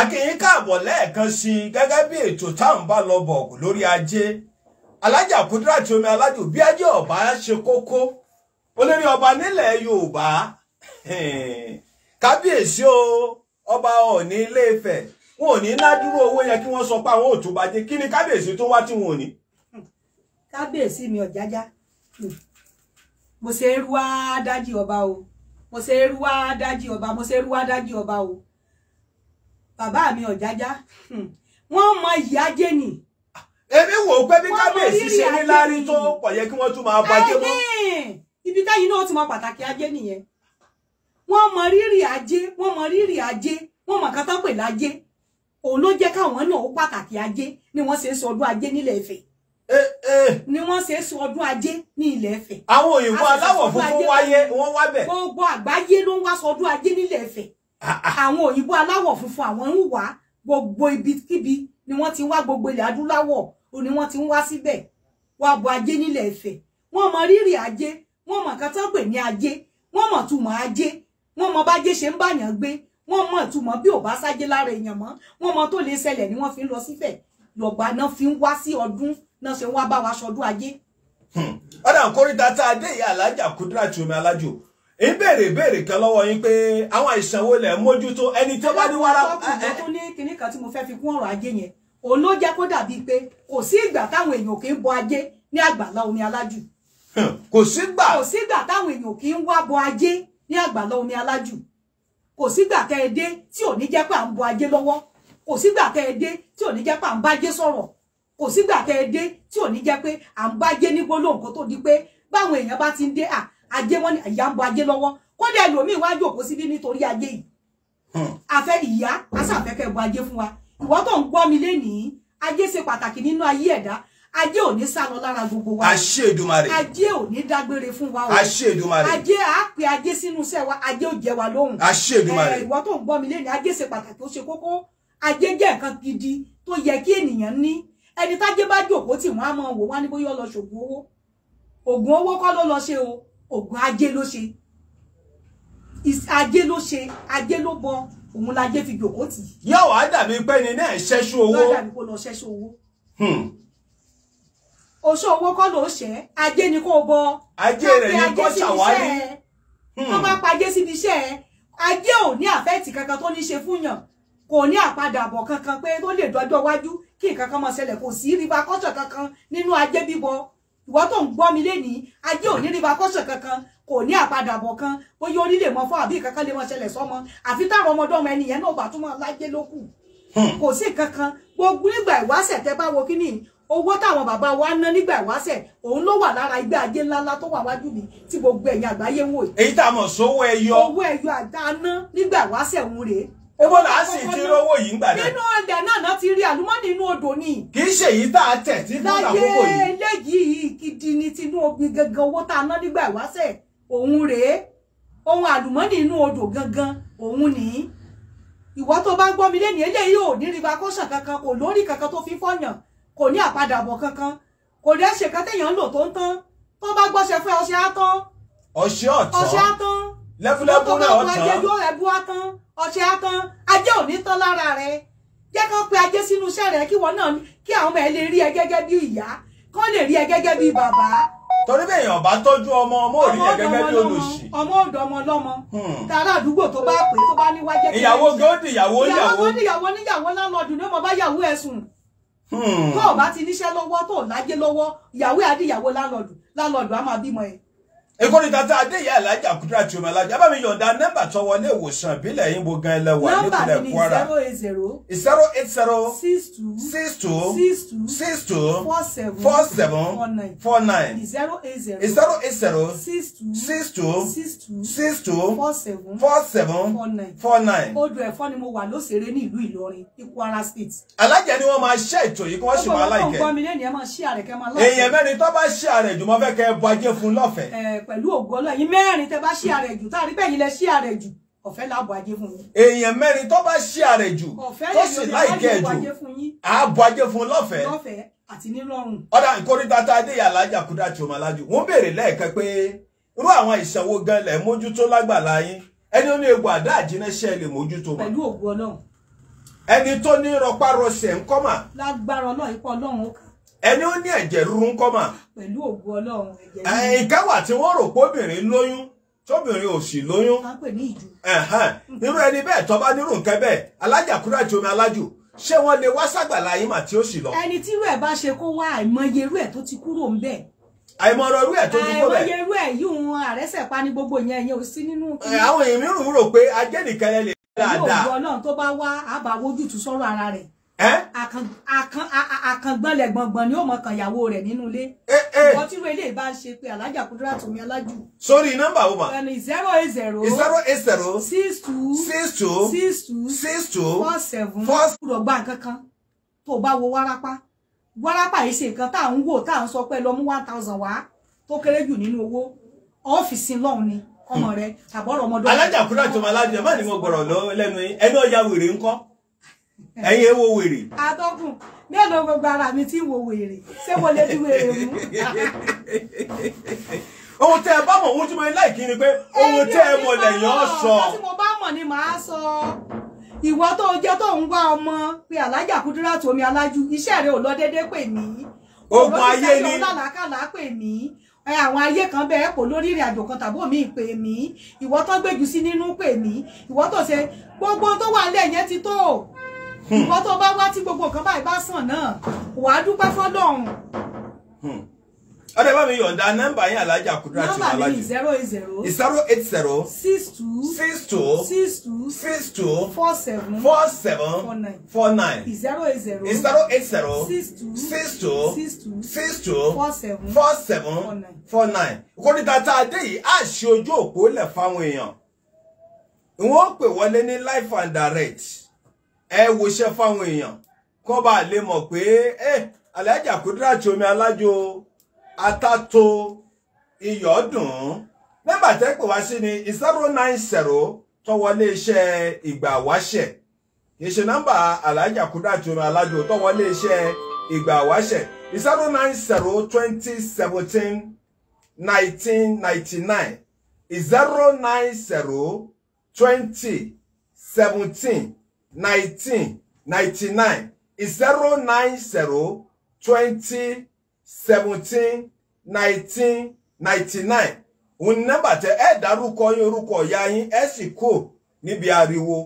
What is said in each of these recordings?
akínyìn káàbọ̀ lẹ́ẹ̀kan sí i gẹ́gẹ́ bí ètò táwọn bá lọ bọ̀ lórí ajé alájà tí Omi Alaje bí ajé ọba ṣe kókó olórí ọba nílẹ̀ Yorùbá kábíyèsí o ọba Ọọ̀ni Ilé-Ifẹ̀ wọn ò ní ládùúgbò owó yẹ kí wọ́n sọ pé àwọn ò tún bàjẹ́ kí ni kábíyèsí tó wá tí wọn ò ní. kábíyèsí mi ọ̀jájá mo ṣe é ruwá dájí ọba o mo ṣe é ruwá dájí ọba mo ṣe é ruwá dájí ọba o. bàbá mi ọ̀jájá hmm, wọ́n mọ ìyá ajé nì. èmi wò ó pé bí kábíyèsí ṣe ní lárí tó pọ̀ yẹ kí wọ́n tún máa bàjẹ́ mọ́. ibi táyìn náà ti mọ pàtàkì ajé nìyẹn wọ́n mọ rírì ajé wọ́n mọ rírì ajé wọ́n mọ kátó pè lájé òun ló jẹ́ káwọn náà ó pàtàkì ajé ni wọ́n ṣe sọ ọdún ajé nílẹ̀ Ifẹ̀ eh, eh. ni wọ́n ṣe sọ ọdún ajé ní ilẹ̀ Ifẹ̀. àwọn òyìnbó aláwọ̀ funfun wáyé wọ́n wá bẹ̀. gbogbo àgbáyé ló ń wá sọ ọdún ajé nílẹ̀ Ifẹ̀ àwọn òyìnbó aláwọ̀ funfun àwọn ń wá gbogbo ibikíbi ni wọ́n ti ń wá gbogbo ilẹ̀ adúláwọ̀ ò ní wọ́n ti ń wá síbẹ̀ wá bo ajé nílẹ̀ Ifẹ̀ wọ́n mọ rírì ajé wọ́n mọ nǹkan tán pè ní ajé wọ́n mọ túmọ̀ ajé wọ́n mọ bájé ṣe ń bàyàn gbé wọ́n mọ túmọ̀ bí ò bá sájé lára èèyàn mọ́ wọ́n mọ tó lè ṣẹlẹ̀ ni wọ́n fi ń lọ sífẹ̀ lọgbà náà fi ń wá sí ọdún náà ṣe ń wá bá wa ṣọdún ajé. Hmm. ọ̀dà kórìíta tá a dé ìyá alájà Kudirat Yomi Alajo ń béèrè béèrè kan lọ́wọ́ yín pé àwọn àìsàn wo lẹ̀ mójútó ẹni tó bá ní wàrà. ọkùnrin tó ní kinní kan tí mo fẹ́ fi kún ọ̀rọ̀ ajé yẹn òun ló jẹ́ kó dàbíi pé kò sí ìgbà táwọn èèyàn kì í bọ ajé ní àgbàlá omi alájù. kò sígbà kò sígbà táwọn èèyàn kì í wá bọ ajé ní àgbàlá omi alájù kò sígbà ẹ tí ò ní jẹ́ pé à ń bọ ajé lọ́wọ́ ajé wọn ni ìyá ń bọ ajé lọ́wọ́ kódà ẹlòmíín wá jòkó síbí nítorí ajé yìí àfẹ hmm. ìyá àsàfẹkẹ bọ ajé fún wa ìwọ tó ń gbọ́ mi lénìí ajé ṣe pàtàkì nínú ayé ẹ̀dá ajé ò ní sálọ lára gbogbo wa àṣẹ Èdùmàrè ajé ò ní dágbére fún wa o àṣẹ Èdùmàrè ajé á pe ajé sínú iṣẹ́ wa ajé ò jẹ wa lóhùn àṣẹ Èdùmàrè ìwọ tó ń gbọ́ mi lẹni ajé ṣe pàtàkì ó ṣe kókó ajé jẹ́ nǹkan gidi tó yẹ kí ènìyàn ní ẹni tájé bá jókòó tí wọ́n á mọ wò wá ní bóyá ó lọ owó ògùn owó kọ́ ló lọ ṣe o ògùn ajé ló ṣe ajé ló ṣe ajé ló bọ òun lajé fi jòkó tì. yóò wá dàbí pé ni náà ṣẹ́ṣú owó. yóò dàbí kó lọ ṣẹ́ṣú owó. Hmm. oṣù owó kọ́ ló ṣẹ́ ajé ni kò bọ. ajé rẹ̀ ni kò ṣàwárí. Hmm. wọ́n bá pajé síbi iṣẹ́ ẹ̀ ajé ò ní àfẹ́ẹ̀tì kankan tó ní ṣe fún yàn kò ní àpadàbọ̀ kankan pé tó lè dọ́jọ́ wájú kí nǹkan kan máa ṣẹlẹ̀ kò sí riba kọ́sọ̀ kankan nínú ajé bíbọ ìwọ tó ń gbọ́ mi lénìí ajé ò ní rí bakọ́ṣẹ̀ kankan kò ní àpadàbọ̀ kan bóyá orí lè mọ fún àbí kankan lè mọ ṣẹlẹ̀ sọmọ àfi táwọn ọmọdé ọmọ ẹnìyẹn náà bá tún mọ lájẹ lókù hmm. kò sí kankan gbogbo nígbà ìwáṣẹ̀ tẹ bá wo kíní owó táwọn bàbá wa ná nígbà ìwáṣẹ̀ òun ló wà lára igbá ajé ńláńlá tó wà wájú mi tí gbogbo ẹ̀yìn àgbáyé ń wò èyí tá a mọ̀ sówó ẹyọ. owó ẹyọ àdáná nígbà ìwáṣẹ̀ òun rèé Ebo la sì ti rówó yìí gbà náà. Nínú ọ̀dẹ̀ náà ti rí àlùmọ́nì inú odò ni. Kì í ṣe èyí tá a tẹ̀ tí fún àkókò yìí. Láyé eléyìí obi gangan owó tá a ná nígbà ìwáṣẹ̀ òun rèé ohun àlùmọ́nì inú odò gangan òun nìyí ìwọ tó bá gbọ́ mi lé ní eléyìí ò ní riba kó sàn kankan kò lórí kankan tó fi fọyàn kò ní àpadàbọ̀ kankan kò ní ẹsẹ̀ kan téèyàn ń lò tó ń tán tó bá gbọ́sẹ̀ fún ọṣẹ átán ọṣẹ ọ̀tán ọṣẹ átán lẹ́fúlẹ́fú náà ọ̀tán ajé yóò ẹbú átán ọṣẹ átán ajé ò ní tán lára rẹ jẹ́ kán pe ajé sínú iṣẹ́ rẹ kí wọn náà kí àwọn ọmọ ẹ lè rí ẹ gẹ́gẹ́ bí ìyá kán lè rí ẹ gẹ́gẹ́ bí bàbá torí bẹ́ẹ̀ yàn bá tọ́jú ọmọ ọmọ òrí yẹn gẹ́gẹ́ bí olùsì. ọmọ ọ̀dọ̀ ọmọ lọ́mọ hmm. tààrà àdúgbò tó bá pè tó bá níwájẹ́ kí. ìyàwó gòdì ìyàwó níyàwó. ìyàwó níyàwó níyàwó lálọ́ọ̀dù ni mo bá yàwó ẹ̀ sùn. Hmm. tó o bá ti níṣẹ́ lọ́wọ́ tó o lájẹ́ lọ́wọ́ ìyàwó àdìyàwó lálọ́ọ̀dù lálọ́ọ̀dù á máa bímọ ẹ̀ ìkórè tata adéyẹ alájà kúdúrà tí omi alájà bá mi yọ̀ǹda nọ́mbà tó wọlé ìwòsàn ìbílẹ̀ yín bo gan ẹlẹ́wà nípínlẹ̀ Kwara nọ́mbà mi ni zero eight zero zero eight zero six two six two six two four seven four seven four nine zero eight zero zero eight zero six two six two six two four seven four seven four nine. odò ẹ̀fọ́ ni mo wà lóṣèré ní ìlú Ìlọrin Kwara state. alájà ni wọ́n máa ṣe ètò yìí kí wọ́n sì máa láìkẹ́ èèyàn mẹ́rin tó bá ṣe àrẹ̀ jùmọ̀ fẹ́ kẹ́ bọ ajé fún lọ́fẹ̀ẹ́ pẹ̀lú ògo Ọlọ́run yín mẹ́rin tẹ́ bá ṣí ààrẹ jù tá a rí bẹ́yìn lẹ ṣí ààrẹ jù ọ̀fẹ́ láàbọ̀ ajé fún yín. èèyàn mẹ́rin tó bá ṣí ààrẹ jù tó sì láìkẹ́ jù àbọ̀ ajé fún lọ́fẹ̀ẹ́. lọ́fẹ̀ẹ́ àti nírọ̀rùn. ọ̀dà ìkórìtà tá a dé yà lájà kúdà tí o máa lájú wọ́n béèrè lẹ́ẹ̀kan pé irú àwọn ìṣàwó gan lẹ̀ mójútó lágbàlá yín ẹni ó ní egbò àdá àjínẹ́ṣẹ́ lè mójútó mọ́. pẹ̀lú ògo Ọlọ́run. ẹni tó ní rọpárọsẹ̀ ńkọ́mà. lágbára Ọlọ́run ipò Ọlọ́run ó kà ẹni ó ní ẹ̀jẹ̀ ríru ńkọ́ mà. pẹ̀lú ògo ọlọ́run ẹ̀jẹ̀ ríru. ìkáwà tí wọ́n rò póbìnrin lóyún tóbìnrin ò sì lóyún. ká pè ní ìjú. irú ẹni bẹ́ẹ̀ tó bá nírú nǹkan bẹ́ẹ̀ alájàkúrò àti omi alájù ṣé wọ́n lè wá ságbàlá yín mà tí ó sì lọ. ẹni tí irú ẹ̀ bá ṣe kó wá àìmọye irú ẹ̀ tó ti kúrò ń bẹ̀ àìmọ̀rọ̀ irú ẹ̀ tó dúró bẹ́ẹ̀. àìmọye irú ẹ̀ yìí ń àrẹ́sẹ̀ pa ní gbogbo yẹn yẹn ò sí nínú. àwọn èèyàn mìíràn rò pé ajẹ́nìkan ẹ lè ìlú òògùn ọlọ́run tó bá wá àbáwójútùú sọ́rọ̀ ara rẹ̀. àkàngbọ́nlẹ̀ gbọ̀ngbọ̀n ni ó mọ̀ kan ìyàwó rẹ̀ nínú ilé wọ́n tí wọ́n ilé bá ṣe pé alájà kúndúrà tó mi alájù. sórí nọ́mbà wo ma. ẹni zero eight zero. zero eight zero. six two. six two. six two. six two. four seven. four wá tó kéré jù nínú owó ọ́fíìsì lọ́hùn ni ọmọ tàbọ̀rọ̀ ọmọdé. alájà kúndúrà tó mi ẹ̀yin wo wèrè. atọ́kùn mélòó gbogbo ara mi ti wo wèrè ṣé mo lè di wèrè mú. ohun tẹ́ ẹ bá mọ̀ ohun tí mo ní láìkí ni pé ohun tẹ́ ẹ mọ̀ lẹ́yìn ọ sọ. ohun tí mo bá mọ̀ ni màá sọ ìwọ tó jẹ́ tó ń wá ọmọ pé alájà Kudirat omi alájú iṣẹ́ rẹ̀ ò lọ déédé pé mí ogun ayé ni òrò lálàkàlà pé mí àwọn ayé kan bẹ́ẹ̀ kò lórí ìrìn àjò kan tàbí omi pè mí ìwọ tó gbèjú sí nínú pè mí ìwọ tó ṣe gbogbo tó wà lẹ́yìn yẹn ti tó ìwọ tó bá wá tí gbogbo nǹkan báyìí bá sàn náà wàá dúpẹ́ fọ́lọ́run. Hmm. ọ̀rẹ́ yọ̀ǹda nọ́mbà yín alájà Kudirat tí wọ́n alájì. nọ́mbà mi zero eight zero. zero eight zero. six two. six two. six two. six two. four seven. four seven. four nine. four nine. zero eight zero. zero eight zero. six two. six two. six two. six two. four seven. four seven. four nine. four nine. kórìtà tá a dé yìí á ṣe ojú òpó lẹ̀ fáwọn èèyàn. wọ́n pè wọlé ní life and direct. ẹ woṣẹ́ fáwọn èèyàn kọ́ bá lè mọ̀ pé ẹ Alhaji Kudirat Omi Alájọ atato iyọ̀ dùn nọ́mbà tẹ́ pè wá sí ni zero nine zero iṣẹ́ ìgbà wáṣẹ̀ nọ́mbà Alhaji Omi Alájọ tọwọlé iṣẹ́ ìgbà zero nine zero twenty nineteen ninety nine zero nine zero twenty seventeen nineteen ninety nine òun nọ́mbà tẹ ẹ dárúkọ yín orúkọ ìyá yín ẹ sì kò níbi ariwo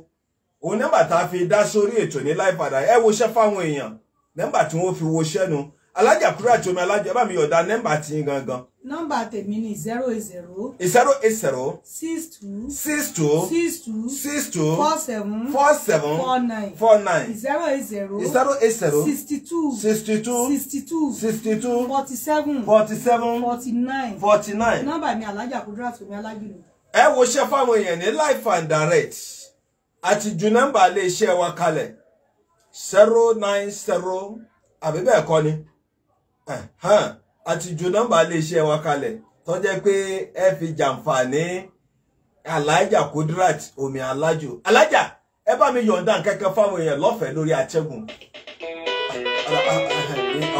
òun nọ́mbà tá a fi dá sórí ètò ní láìpadà ẹ wọṣẹ́ fáwọn èèyàn nọ́mbà tí wọ́n fi wọṣẹ́ nu alájà Kudirat Omi alájà bá mi yọ̀dá nọ́mbà ti yín gangan. nọ́mbà tèmi ni zero eight zero. zero eight zero. six two. six two. six two. six two. four seven. four seven. four nine. four nine. zero eight zero. zero eight zero. sixty two. sixty two. sixty two. sixty two. forty seven. forty seven. forty nine. forty nine. nọ́mbà mi alájà Kudirat Omi alájà. ẹ wo ṣe fáwọn èèyàn ní life and direct àti ju nọ́mbà ilé iṣẹ́ wa kalẹ̀ zero nine zero àbí bẹ́ẹ̀ kọ́ ni àti ju nọ́mbà iléeṣẹ́ wa kalẹ̀ tó jẹ́ pé ẹ fi jàǹfààní alájà Kudirat omi alájò alájà ẹ bá mi yọ̀ǹda kankan fáwọn èèyàn lọ́fẹ̀ẹ́ lórí atẹ́gùn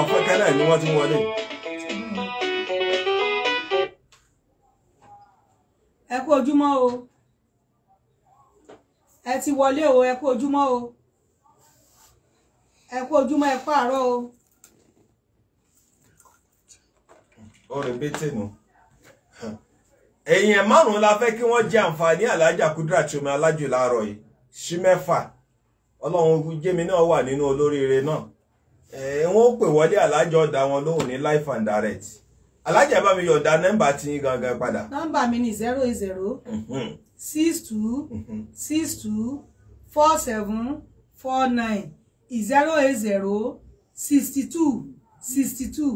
ọ̀pẹ́ kan náà ni wọ́n ti wọlé. ẹ kú ojúmọ́ o ẹ ti wọlé o ẹ kú ojúmọ́ o ẹ kú ojúmọ́ ẹ kú àárọ̀ o. ó rẹpẹtẹ nù èèyàn márùnún la fẹ́ kí wọ́n jẹ àǹfààní alájà Kudirat Omi Alájù láàárọ̀ yìí sí mẹ́fà Ọlọ́run jẹmi náà wà nínú olóríire náà wọ́n ó pè wọlé alájà ọdà wọn lóhùn ní life and direct alájà bá mi yọ̀ǹda nọ́mbà tí yín gangan padà. nọ́mbà mi ni zero eight zero mhm. six two mhm. six two four seven four nine zero eight zero sixty two sixty two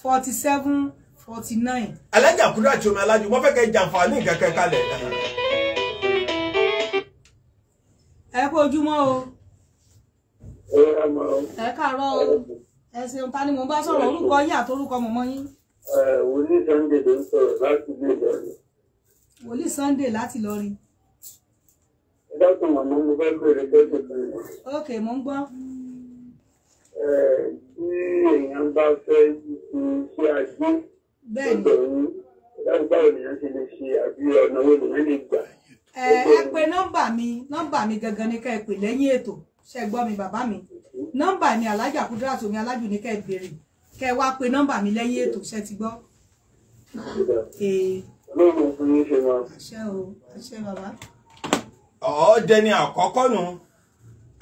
forty seven forty nine. alájà kúrò àti omi alájú wọn fẹ́ kẹ́ jàǹfààní kẹ́kẹ́ kalẹ̀. ẹ kú ojúmọ́ o. ẹ káàárọ̀ o ẹ ṣeun ta ni mo bá sọ̀rọ̀ orúkọ yín àtorúkọ mọ̀mọ́ yín. wòlíì Sunday ló ń sọ̀rọ̀ láti ilé Ìlọrin. wòlíì Sunday láti Ìlọrin. ẹ dákun àmọ́ mo fẹ́ bèrè tẹ́sán kan. ok mo ń gbọ́ tí èèyàn bá fẹ́ ṣe àgbé nítorí báwo nìyẹn ṣe lè ẹ ẹ pè mi nọ́mbà mi gangan ni ká ẹ pè lẹ́yìn ètò ṣe gbọ́ mi bàbá mi nọ́mbà ni alájà Kudirat Omi Alájù ní ká ẹ béèrè ká wá pè nọ́mbà mi lẹ́yìn ètò ṣe ti gbọ́. lóòrùn fún o àṣẹ bàbá. ọ̀ọ́dẹ ni àkọ́kọ́ nù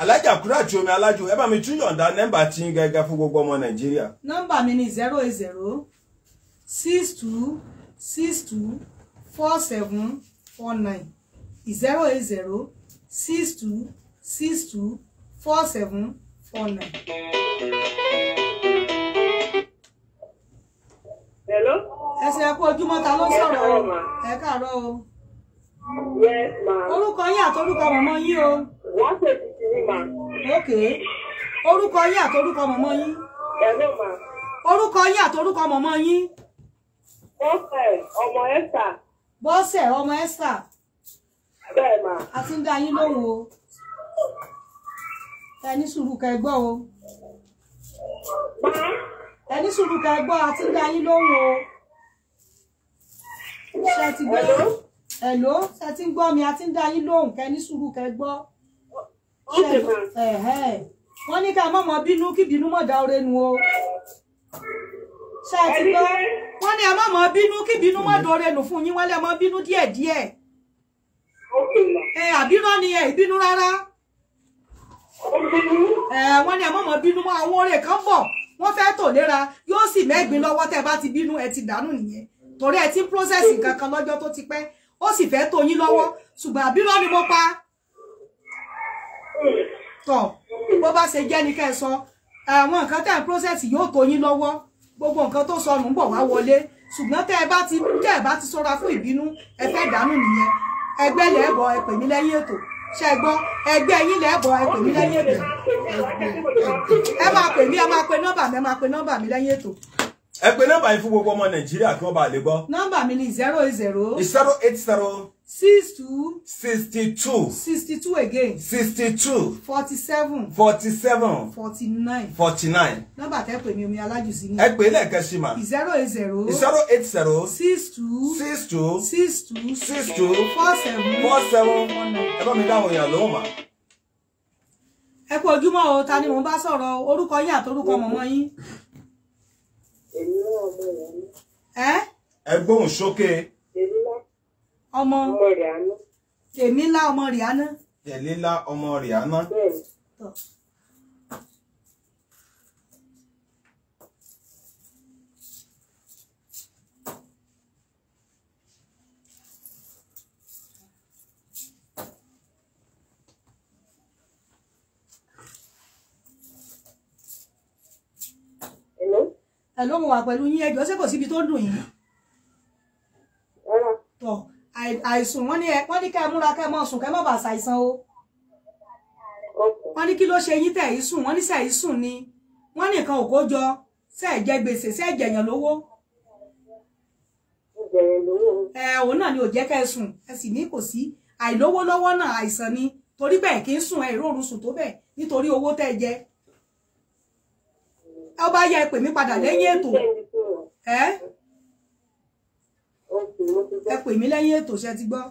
alájà Kudirat Omi Alájù ẹ bá mi tún yọ̀ǹda nọ́mbà tí ń gẹ́gẹ́ fún gbogbo ọmọ Nàìjíríà. nọ́mbà mi ni zero eight zero six two six two four seven four nine zero eight zero six two six two four seven four nine. hello. ẹ ṣe kú ojúmọ́ ta ló sọ̀rọ̀ o ẹ káàárọ̀ o. yes ma. orúkọ yín àtọrúkọ màmá yín o. wọ́n ṣe títí ní ma. ok orúkọ yín àtọrúkọ màmá yín. hello ma. orúkọ yín àtọrúkọ màmá yín bọ́sẹ̀ ọmọ ẹ́sà. bọ́sẹ̀ ọmọ ẹ́sà. bẹ́ẹ̀ ma. a ti ń dá yín lóhùn o. ẹ ní sùúrù kẹ́ gbọ́ o. ẹ ní sùúrù kẹ́ gbọ́ a ti ń dá yín lóhùn o. ṣé ti gbọ́ ẹ̀ló ṣé ti ń gbọ́ mi a ti ń dá yín lóhùn kẹ́ ní sùúrù kẹ́ gbọ́. ó ti mọ̀. wọ́n ní ká mọ̀mọ́ bínú kí bínú mọ̀ dá o ṣe ti gbọ́ wọ́n ní ẹ má mọ bínú kí bínú má dọ̀rẹ́ nù fún yín wọ́n lẹ́ mọ bínú díẹ̀díẹ̀ ẹ àbírọ́ ni ẹ ìbínú rárá ẹ wọ́n ní ẹ má mọ bínú mọ́ àwọn oore kan bọ̀ wọ́n fẹ́ tò léra yóò sì mẹ́gbin lọ́wọ́ tẹ́ bá ti bínú ẹ ti dànù nìyẹn torí ẹ ti ń process nǹkan kan lọ́jọ́ tó ti pẹ́ ó sì fẹ́ tó yín lọ́wọ́ ṣùgbọ́n àbírọ́ ni mo pa tọ̀ bó bá ṣe jẹ́ ni kẹ́ ẹ sọ àwọn nǹkan tẹ́ ń process yóò tó yín lọ́wọ́ gbogbo nǹkan tó sọnù ń bọ̀ wá wọlé ṣùgbọ́n tẹ́ ẹ bá ti tẹ́ ẹ bá ti sọ́ra fún ìbínú ẹ fẹ́ dànù nìyẹn ẹgbẹ́ lẹ́ẹ̀bọ̀ ẹ pè mí lẹ́yìn ètò ṣe gbọ́ ẹgbẹ́ yín lẹ́ẹ̀bọ̀ ẹ pè mí lẹ́yìn ètò ẹ máa pè mí ẹ máa pe nọ́mbà mi ẹ máa pe nọ́mbà mi lẹ́yìn ètò. ẹ pe nọ́mbà yín fún gbogbo ọmọ nàìjíríà kí wọ́n bá lè gbọ́. nọ́mbà mi ni zero eight zero. zero eight zero six two. sixty-two. sixty-two again. sixty-two. forty-seven. forty-seven. forty-nine. forty-nine. nọ́mbà tẹ́ pè mí omi alájù sí ni. ẹ pè é lẹ́ẹ̀kan sí ma. zero eight zero. zero eight zero. six two. six two. six two. six two. four seven. four seven. ẹ bá mi dáhùn èèyàn lóhùn mà. ẹ kú ojúmọ́ o ta ni mò ń bá sọ̀rọ̀ orúkọ yín àtorúkọ mọ̀mọ́ yín. èmi náà mọ̀ wọ́n. ẹ. ẹ gbóhùn sókè ọmọ tèmílá ọmọ rìáná. tèmílá ọmọ rìáná. Hello, mo wà pẹ̀lú yín ẹjọ́ ṣé kò síbi tó dùn yín. àìsùn wọn ni ẹ ní múra kẹ ẹ sùn ṣàìsàn o wọn ní kí ló ṣe yín tẹ̀ sùn wọn ní sùn ni wọn ní nǹkan òkó jọ sẹ̀ jẹ gbèsè sẹ̀ lówó. ni ò ẹ sùn ẹ sì ní kò sí àìlówó náà àìsàn ni torí kì í sùn ẹ sùn tó nítorí owó ẹ pè mí lẹ́yìn ètò ṣe ti gbọ́.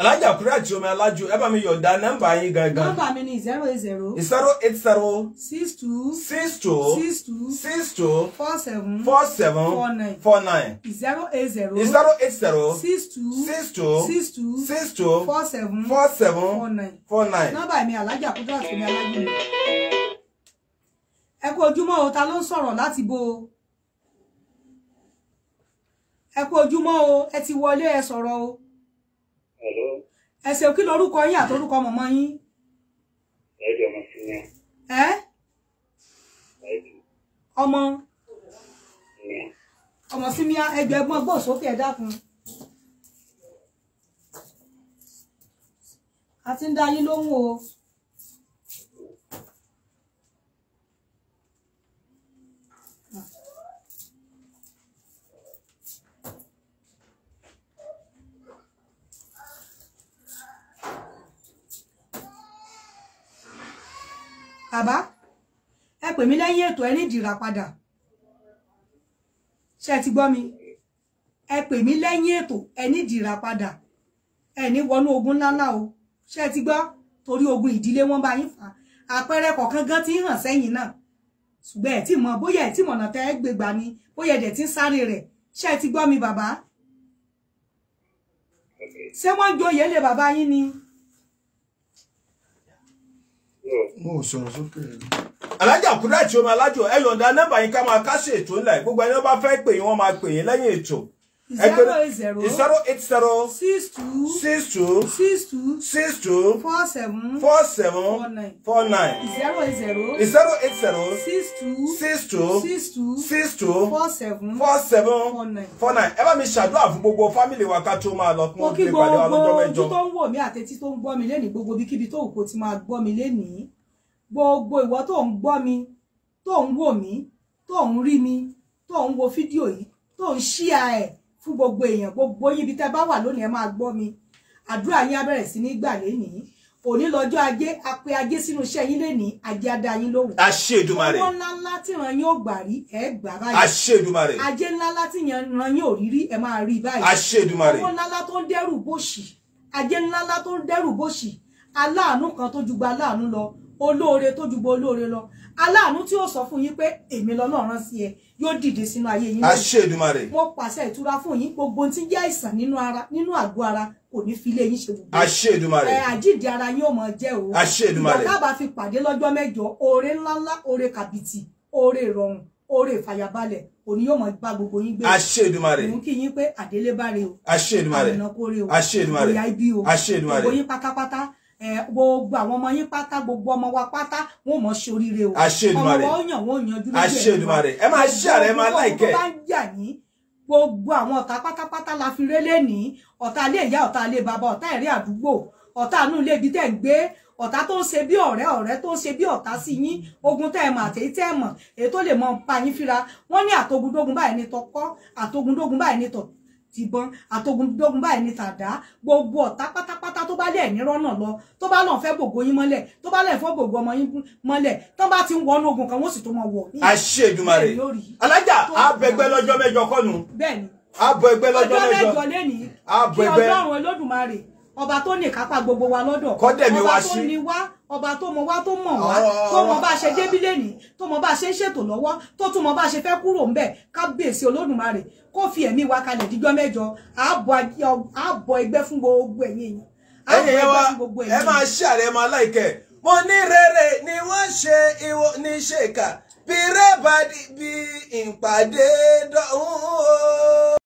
alájà kúrẹ́ àti omi alájò ẹ bá mi yọ̀ǹda nọ́mbà yín gangan. nọ́mbà mi ni zero zero. zero eight zero. six two. six two. six two. six two. four seven. four seven. four nine. four nine. zero eight zero. zero eight zero. six two. six two. six two. six two. four seven. four seven. four nine. four nine. nọ́mbà mi alájà kúrẹ́ àti omi alájò. ẹ kú ojúmọ́ o ta ló ń sọ̀rọ̀ láti bo ẹ kú ojúmọ́ o ẹ ti wọlé ẹ sọ̀rọ̀ o. ẹ ṣe kí lorúkọ yín àtọrúkọ mọ̀mọ́ yín. ẹ jẹ́ ọmọ sí mi. ẹ. ọmọ. ọmọ sí mi ẹgbẹ̀gbọ́n gbọ́ sókè ẹ dákun. a ti ń dá yín lóhùn o. bàbá ẹ pè mí lẹ́yìn ètò ẹ ní ìdìrà padà ṣe ti gbọ́ mi ẹ pè mí lẹ́yìn ètò ẹ ìdìrà padà ẹ ní wọnú ogun ńláńlá o ṣe ti gbọ́ torí ogun ìdílé wọn bá yín fà àpẹẹrẹ kọ̀ọ̀kan gan ti ń hàn sẹ́yìn náà ṣùgbọ́n ẹ ti mọ̀ bóyá ẹ ti mọ̀nà tẹ́ ẹ gbégbá ni bóyá ẹ dẹ̀ ti ń sáré rẹ̀ ṣe ti gbọ́ mi bàbá ṣé wọ́n joyè lé bàbá yín ni. alájà Kudirat Omi Alajo ẹ yọ̀ǹda nọ́mbà yín ká máa kásẹ̀ ètò ńlẹ̀ gbogbo ẹni wọ́n bá fẹ́ pè yín wọ́n máa pè yín lẹ́yìn ètò zero zero zero eight zero six two six two six two six two four seven four seven four nine four nine zero eight zero zero eight zero six two six two six two six two four seven four seven four nine four nine ẹ bá mi ṣàdúrà fún gbogbo fámìlì wa ká tó máa lọ kí wọn gbé balẹ̀ ọlọ́jọ́ mẹ́jọ. ojú tó ń wò mí àti etí tó ń gbọ́ mi lẹ́nìí gbogbo ibikíbi tó òkú ti máa gbọ́ mi lẹ́nìí gbogbo ìwọ tó ń gbọ́ mi tó ń wò mí tó ń rí mi tó ń wo fídíò yìí tó ń ṣíà ẹ̀ fún gbogbo èèyàn gbogbo yín ibi tẹ́ bá wà lónìí ẹ máa gbọ́ mi àdúrà yín á sí ní gbà lénìí òní lọ́jọ́ ajé apẹ ajé sínú iṣẹ́ yín lénìí ajé á yín lóhùn. àṣẹ Èdùmàrè owó ńlá ńlá tí ràn yín ò gbà rí ẹ gbà báyìí. àṣẹ Èdùmàrè ajé ńlá ńlá tí ràn yín ò rí rí ẹ máa rí báyìí. àṣẹ Èdùmàrè owó ńlá ńlá tó ń dẹ́rù bòṣì ajé ńlá ńlá tó ń dẹ́rù bòṣì aláàánú kan tó ju gba aláàánú lọ olóore tó ju olóore lọ aláàánú tí ó sọ fún yín pé èmi lọ́nà sí ẹ yóò dìde sínú ayé yín. àṣẹ mo pàṣẹ ìtura fún yín gbogbo tí jẹ́ àìsàn nínú ara nínú àgọ́ ara kò ní fi ilé yín ṣe gbogbo. ẹ àjíǹde ara yín ò mọ jẹ o. àṣẹ Èdùmàrè. ìgbà tábà fi pàdé lọ́jọ́ mẹ́jọ oore ńláńlá oore kàbìtì oore ìrọ̀rùn oore ìfàyàbalẹ̀ òní yóò mọ bá gbogbo yín gbé. àṣẹ mú kí yín pé àdélébáre o. àṣẹ Èdùmàrè gbogbo àwọn ọmọ yín pátá gbogbo ọmọ wa pátá wọn ò mọ ṣe oríire o ọmọ wa ó yàn wọn ò yanjú lójú ẹ àṣẹdùmarè ẹ máa ṣe àrẹ máa láìkẹ gbogbo gbogbo àwọn ọ̀tá pátápátá la fi rélé ní ọ̀tá ilé ìyá ọ̀tá ilé bàbá ọ̀tá ẹ̀rí àdúgbò ọ̀tá inú ilé ibi tẹ̀ ń gbé ọ̀tá tó ń ṣe bí ọ̀rẹ́ ọ̀rẹ́ tó ń ṣe bí ọ̀tá sí yín ogun tẹ́ mọ̀ àtẹ̀yí tẹ́ mọ̀ èyí tó lè mọ pa yín fíra wọ́n ní àtogundógun báyìí ní tọkọ́ àtogundógun báyìí ní tọ̀ tìbọn àtogundógun báyìí ní tàdá gbogbo ọ̀tá pátápátá pátápátá tó bá lẹ̀ ní rọ́nà lọ tó bá lọ́n fẹ́ gbogbo yín mọ́lẹ̀ tó bá lẹ̀ fọ́ gbogbo ọmọ yín mọ́lẹ̀ tán bá ti ń wọnú ogun kan wọ́n sì tó mọ wọ̀. àṣẹ Èdùmàrè alájà abẹgbẹ lọ́jọ́ mẹ́jọ kọnu. bẹ́ẹ̀ni abọ ẹgbẹ lọ́jọ́ mẹ́jọ ọjọ́ mẹ́jọ lẹni kí Ọlọ́run Olódùmarè ọba tó ní kápá gbogbo wa lọ́dọ̀ ọba tó ní wá ọba tó mọ wá tó mọ̀ wá oh. tó mọ bá ṣe débí lẹ́nìí tó mọ bá ṣe ń ṣètò lọ́wọ́ tó tún mọ bá ṣe fẹ́ kúrò ńbẹ̀ kábíyèsí Olódùmarè kó fi ẹ̀mí wa kalẹ̀ díjọ́ mẹ́jọ ààbọ̀ ẹgbẹ́ fún gbogbo ẹ̀yin ẹ̀yin yẹn wa ẹ máa ṣàrẹ ẹ máa láìkẹ mo ní rere ni wọ́n ṣe ìwọ ní ṣèkà bí rẹ́bàdì bí ìpàdé dọ̀hún o.